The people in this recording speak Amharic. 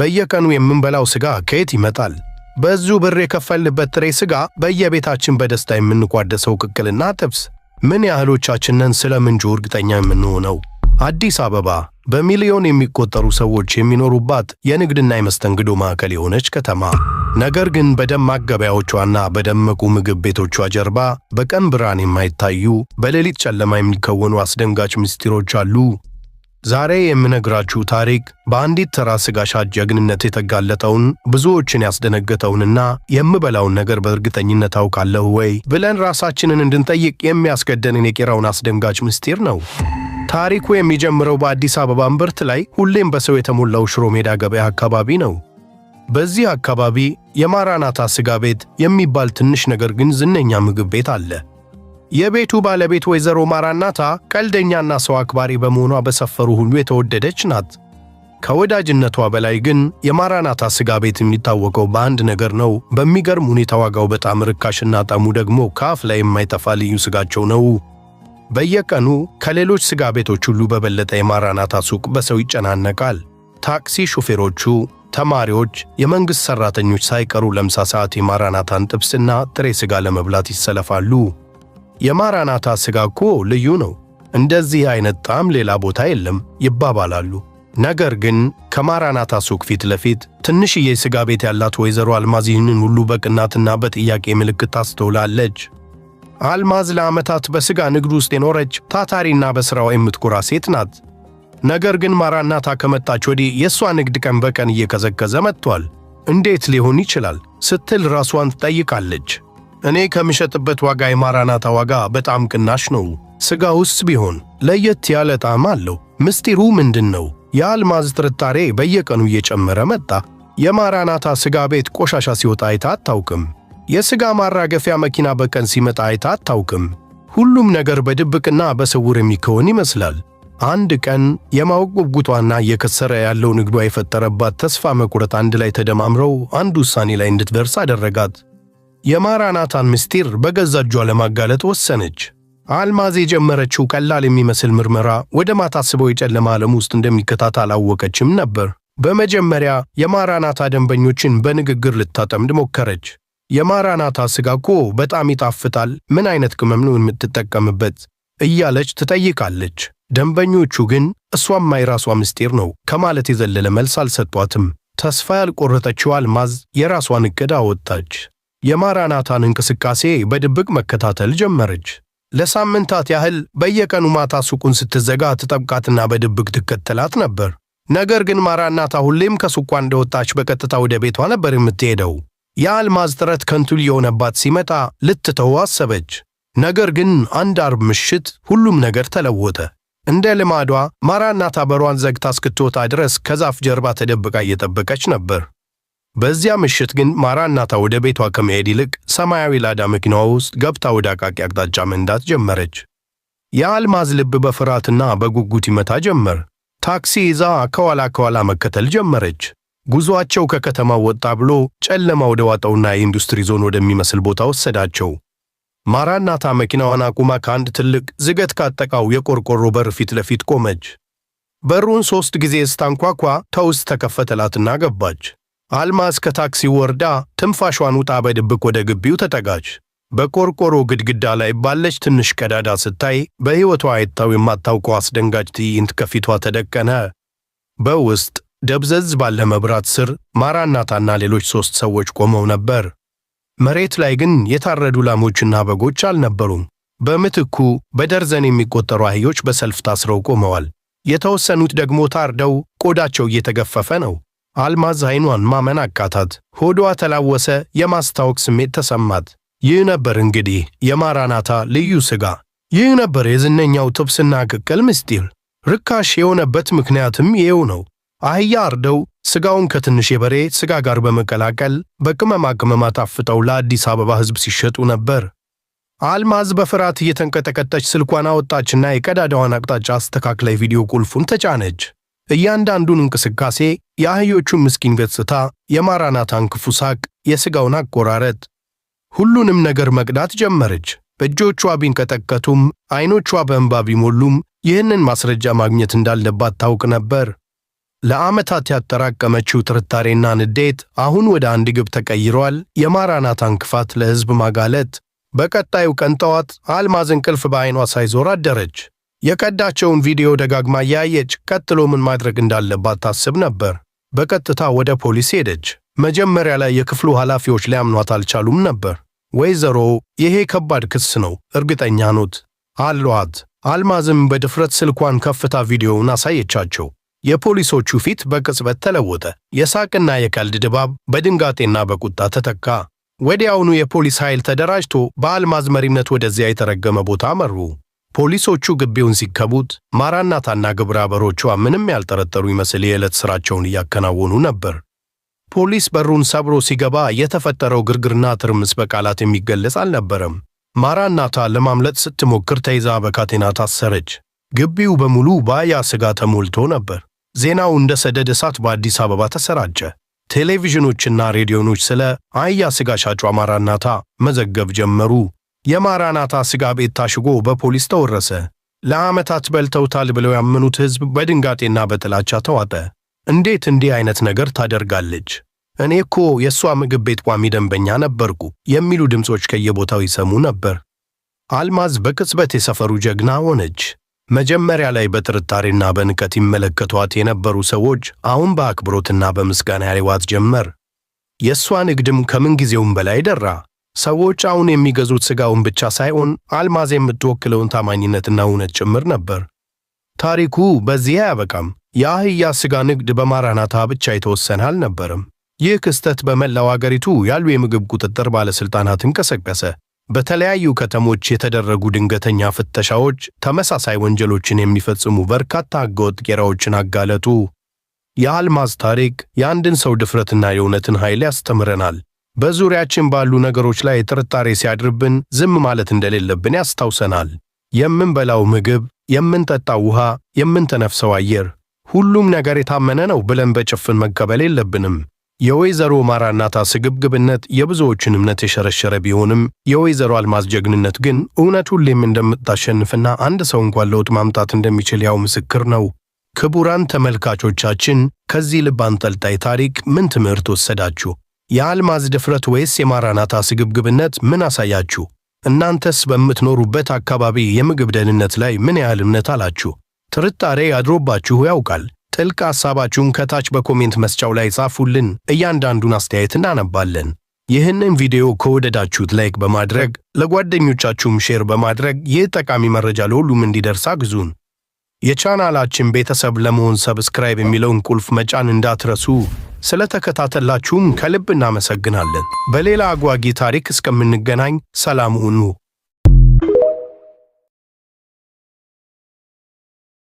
በየቀኑ የምንበላው ሥጋ ከየት ይመጣል? በዙ ብር የከፈልንበት ጥሬ ሥጋ በየቤታችን በደስታ የምንቋደሰው ቅቅልና ጥብስ ምን ያህሎቻችንን ስለ ምንጩ እርግጠኛ የምንሆነው? አዲስ አበባ በሚሊዮን የሚቆጠሩ ሰዎች የሚኖሩባት የንግድና የመስተንግዶ ማዕከል የሆነች ከተማ፣ ነገር ግን በደማቅ ገበያዎቿና በደመቁ ምግብ ቤቶቿ ጀርባ በቀን ብርሃን የማይታዩ በሌሊት ጨለማ የሚከወኑ አስደንጋጭ ምስጢሮች አሉ። ዛሬ የምነግራችሁ ታሪክ በአንዲት ተራ ሥጋ ሻጭ ጀግንነት የተጋለጠውን ብዙዎችን ያስደነገጠውንና የምበላውን ነገር በእርግጠኝነት አውቃለሁ ወይ ብለን ራሳችንን እንድንጠይቅ የሚያስገደንን የቄራውን አስደንጋጭ ምስጢር ነው። ታሪኩ የሚጀምረው በአዲስ አበባ እምብርት ላይ ሁሌም በሰው የተሞላው ሽሮ ሜዳ ገበያ አካባቢ ነው። በዚህ አካባቢ የማራናታ ሥጋ ቤት የሚባል ትንሽ ነገር ግን ዝነኛ ምግብ ቤት አለ። የቤቱ ባለቤት ወይዘሮ ማራናታ ቀልደኛና ሰው አክባሪ በመሆኗ በሰፈሩ ሁሉ የተወደደች ናት። ከወዳጅነቷ በላይ ግን የማራናታ ሥጋ ቤት የሚታወቀው በአንድ ነገር ነው። በሚገርም ሁኔታ ዋጋው በጣም ርካሽና ጣዕሙ ደግሞ ከአፍ ላይ የማይጠፋ ልዩ ሥጋቸው ነው። በየቀኑ ከሌሎች ሥጋ ቤቶች ሁሉ በበለጠ የማራናታ ሱቅ በሰው ይጨናነቃል። ታክሲ ሹፌሮቹ፣ ተማሪዎች፣ የመንግሥት ሠራተኞች ሳይቀሩ ለምሳ ሰዓት የማራናታን ጥብስና ጥሬ ሥጋ ለመብላት ይሰለፋሉ። የማራናታ ስጋ እኮ ልዩ ነው፣ እንደዚህ አይነት ጣዕም ሌላ ቦታ የለም ይባባላሉ። ነገር ግን ከማራናታ ሱቅ ፊት ለፊት ትንሽዬ ስጋ ቤት ያላት ወይዘሮ አልማዝ ይህንን ሁሉ በቅናትና በጥያቄ ምልክት ታስተውላለች። አልማዝ ለዓመታት በሥጋ ንግድ ውስጥ የኖረች ታታሪና በሥራዋ የምትኮራ ሴት ናት። ነገር ግን ማራናታ ከመጣች ወዲህ የእሷ ንግድ ቀን በቀን እየቀዘቀዘ መጥቷል። እንዴት ሊሆን ይችላል ስትል ራሷን ትጠይቃለች። እኔ ከምሸጥበት ዋጋ የማራናታ ዋጋ በጣም ቅናሽ ነው። ሥጋ ውስጥ ቢሆን ለየት ያለ ጣዕም አለው። ምስጢሩ ምንድን ነው? የአልማዝ ጥርጣሬ በየቀኑ እየጨመረ መጣ። የማራናታ ሥጋ ቤት ቆሻሻ ሲወጣ አይታ አታውቅም። የሥጋ ማራገፊያ መኪና በቀን ሲመጣ አይታ አታውቅም። ሁሉም ነገር በድብቅና በስውር የሚከወን ይመስላል። አንድ ቀን የማወቅ ጉጉቷና እየከሰረ ያለው ንግዷ የፈጠረባት ተስፋ መቁረጥ አንድ ላይ ተደማምረው አንድ ውሳኔ ላይ እንድትደርስ አደረጋት። የማራናታን ምስጢር በገዛ እጇ ለማጋለጥ ወሰነች። አልማዝ የጀመረችው ቀላል የሚመስል ምርመራ ወደ ማታስበው የጨለማ ዓለም ውስጥ እንደሚከታት አላወቀችም ነበር። በመጀመሪያ የማራናታ ደንበኞችን በንግግር ልታጠምድ ሞከረች። የማራናታ ስጋ እኮ በጣም ይጣፍጣል፣ ምን አይነት ቅመም ነው የምትጠቀምበት? እያለች ትጠይቃለች። ደንበኞቹ ግን እሷማ የራሷ ምስጢር ነው ከማለት የዘለለ መልስ አልሰጧትም። ተስፋ ያልቆረጠችው አልማዝ የራሷን እቅድ አወጣች። የማራናታን እንቅስቃሴ በድብቅ መከታተል ጀመረች። ለሳምንታት ያህል በየቀኑ ማታ ሱቁን ስትዘጋ ትጠብቃትና በድብቅ ትከተላት ነበር። ነገር ግን ማራናታ ሁሌም ከሱቋ እንደወጣች በቀጥታ ወደ ቤቷ ነበር የምትሄደው። የአልማዝ ጥረት ከንቱ የሆነባት ሲመጣ ልትተው አሰበች። ነገር ግን አንድ አርብ ምሽት ሁሉም ነገር ተለወጠ። እንደ ልማዷ ማራናታ በሯን ዘግታ እስክትወጣ ድረስ ከዛፍ ጀርባ ተደብቃ እየጠበቀች ነበር። በዚያ ምሽት ግን ማራናታ ወደ ቤቷ ከመሄድ ይልቅ ሰማያዊ ላዳ መኪናዋ ውስጥ ገብታ ወደ አቃቂ አቅጣጫ መንዳት ጀመረች። የአልማዝ ልብ በፍርሃትና በጉጉት ይመታ ጀመር። ታክሲ ይዛ ከኋላ ከኋላ መከተል ጀመረች። ጉዞአቸው ከከተማው ወጣ ብሎ ጨለማ ወደ ዋጠውና የኢንዱስትሪ ዞን ወደሚመስል ቦታ ወሰዳቸው። ማራናታ መኪናዋን አቁማ ከአንድ ትልቅ ዝገት ካጠቃው የቆርቆሮ በር ፊት ለፊት ቆመች። በሩን ሦስት ጊዜ ስታንኳኳ ተውስ ተከፈተላትና ገባች። አልማዝ ከታክሲው ወርዳ ትንፋሿን ውጣ በድብቅ ወደ ግቢው ተጠጋች። በቆርቆሮ ግድግዳ ላይ ባለች ትንሽ ቀዳዳ ስታይ በሕይወቷ አይታው የማታውቀው አስደንጋጭ ትዕይንት ከፊቷ ተደቀነ። በውስጥ ደብዘዝ ባለ መብራት ስር ማራናታና ሌሎች ሦስት ሰዎች ቆመው ነበር። መሬት ላይ ግን የታረዱ ላሞችና በጎች አልነበሩም። በምትኩ በደርዘን የሚቆጠሩ አህዮች በሰልፍ ታስረው ቆመዋል። የተወሰኑት ደግሞ ታርደው ቆዳቸው እየተገፈፈ ነው። አልማዝ አይኗን ማመን አቃታት። ሆዷ ተላወሰ፣ የማስታወቅ ስሜት ተሰማት። ይህ ነበር እንግዲህ የማራናታ ልዩ ሥጋ። ይህ ነበር የዝነኛው ጥብስና ቅቅል ምስጢር። ርካሽ የሆነበት ምክንያትም ይኸው ነው። አህያ አርደው ሥጋውን ከትንሽ የበሬ ሥጋ ጋር በመቀላቀል በቅመማ ቅመማ ታፍጠው ለአዲስ አበባ ሕዝብ ሲሸጡ ነበር። አልማዝ በፍርሃት እየተንቀጠቀጠች ስልኳን አወጣችና የቀዳዳዋን አቅጣጫ አስተካክላይ ቪዲዮ ቁልፉን ተጫነች። እያንዳንዱን እንቅስቃሴ፣ የአህዮቹን ምስኪን ገጽታ፣ የማራናታን ክፉ ሳቅ፣ የሥጋውን አቆራረጥ፣ ሁሉንም ነገር መቅዳት ጀመረች። እጆቿ ቢንቀጠቀቱም፣ ዐይኖቿ በእንባ ቢሞሉም ይህንን ማስረጃ ማግኘት እንዳለባት ታውቅ ነበር። ለዓመታት ያጠራቀመችው ጥርጣሬና ንዴት አሁን ወደ አንድ ግብ ተቀይሯል፤ የማራናታን ክፋት ለሕዝብ ማጋለጥ። በቀጣዩ ቀን ጠዋት አልማዝ እንቅልፍ በዐይኗ ሳይዞር አደረች። የቀዳቸውን ቪዲዮ ደጋግማ እያየች ቀጥሎ ምን ማድረግ እንዳለባት ታስብ ነበር። በቀጥታ ወደ ፖሊስ ሄደች። መጀመሪያ ላይ የክፍሉ ኃላፊዎች ሊያምኗት አልቻሉም ነበር። ወይዘሮ ይሄ ከባድ ክስ ነው፣ እርግጠኛ ኖት አሏት። አልማዝም በድፍረት ስልኳን ከፍታ ቪዲዮውን አሳየቻቸው። የፖሊሶቹ ፊት በቅጽበት ተለወጠ። የሳቅና የቀልድ ድባብ በድንጋጤና በቁጣ ተተካ። ወዲያውኑ የፖሊስ ኃይል ተደራጅቶ በአልማዝ መሪነት ወደዚያ የተረገመ ቦታ መሩ። ፖሊሶቹ ግቢውን ሲከቡት ማራናታና ግብረ አበሮቿ ምንም ያልጠረጠሩ ይመስል የዕለት ሥራቸውን እያከናወኑ ነበር። ፖሊስ በሩን ሰብሮ ሲገባ የተፈጠረው ግርግርና ትርምስ በቃላት የሚገለጽ አልነበረም። ማራናታ ለማምለጥ ስትሞክር ተይዛ በካቴና ታሰረች። ግቢው በሙሉ በአያ ሥጋ ተሞልቶ ነበር። ዜናው እንደ ሰደድ እሳት በአዲስ አበባ ተሰራጨ። ቴሌቪዥኖችና ሬዲዮኖች ስለ አያ ሥጋ ሻጯ ማራናታ መዘገብ ጀመሩ። የማራናታ ስጋ ቤት ታሽጎ በፖሊስ ተወረሰ። ለዓመታት በልተውታል ብለው ያመኑት ሕዝብ በድንጋጤና በጥላቻ ተዋጠ። እንዴት እንዲህ አይነት ነገር ታደርጋለች? እኔ እኮ የእሷ ምግብ ቤት ቋሚ ደንበኛ ነበርኩ የሚሉ ድምፆች ከየቦታው ይሰሙ ነበር። አልማዝ በቅጽበት የሰፈሩ ጀግና ሆነች። መጀመሪያ ላይ በጥርጣሬና በንቀት ይመለከቷት የነበሩ ሰዎች አሁን በአክብሮትና በምስጋና ያሌዋት ጀመር። የእሷ ንግድም ከምንጊዜውም በላይ ደራ። ሰዎች አሁን የሚገዙት ሥጋውን ብቻ ሳይሆን አልማዝ የምትወክለውን ታማኝነትና እውነት ጭምር ነበር። ታሪኩ በዚህ አያበቃም። የአህያ ሥጋ ንግድ በማራናታ ብቻ የተወሰነ አልነበረም። ይህ ክስተት በመላው አገሪቱ ያሉ የምግብ ቁጥጥር ባለሥልጣናትን ቀሰቀሰ። በተለያዩ ከተሞች የተደረጉ ድንገተኛ ፍተሻዎች ተመሳሳይ ወንጀሎችን የሚፈጽሙ በርካታ ሕገወጥ ቄራዎችን አጋለጡ። የአልማዝ ታሪክ የአንድን ሰው ድፍረትና የእውነትን ኃይል ያስተምረናል። በዙሪያችን ባሉ ነገሮች ላይ ጥርጣሬ ሲያድርብን ዝም ማለት እንደሌለብን ያስታውሰናል። የምንበላው ምግብ፣ የምንጠጣው ውሃ፣ የምንተነፍሰው አየር፣ ሁሉም ነገር የታመነ ነው ብለን በጭፍን መቀበል የለብንም። የወይዘሮ ማራናታ ስግብግብነት የብዙዎችን እምነት የሸረሸረ ቢሆንም የወይዘሮ አልማዝ ጀግንነት ግን እውነት ሁሌም እንደምታሸንፍና አንድ ሰው እንኳን ለውጥ ማምጣት እንደሚችል ያው ምስክር ነው። ክቡራን ተመልካቾቻችን ከዚህ ልብ አንጠልጣይ ታሪክ ምን ትምህርት ወሰዳችሁ? የአልማዝ ድፍረት ወይስ የማራናታ ስግብግብነት ምን አሳያችሁ? እናንተስ በምትኖሩበት አካባቢ የምግብ ደህንነት ላይ ምን ያህል እምነት አላችሁ? ጥርጣሬ አድሮባችሁ ያውቃል? ጥልቅ ሐሳባችሁን ከታች በኮሜንት መስጫው ላይ ጻፉልን። እያንዳንዱን አስተያየት እናነባለን። ይህንን ቪዲዮ ከወደዳችሁት ላይክ በማድረግ ለጓደኞቻችሁም ሼር በማድረግ ይህ ጠቃሚ መረጃ ለሁሉም እንዲደርስ አግዙን። የቻናላችን ቤተሰብ ለመሆን ሰብስክራይብ የሚለውን ቁልፍ መጫን እንዳትረሱ። ስለተከታተላችሁም ከልብ እናመሰግናለን። በሌላ አጓጊ ታሪክ እስከምንገናኝ ሰላም ሁኑ።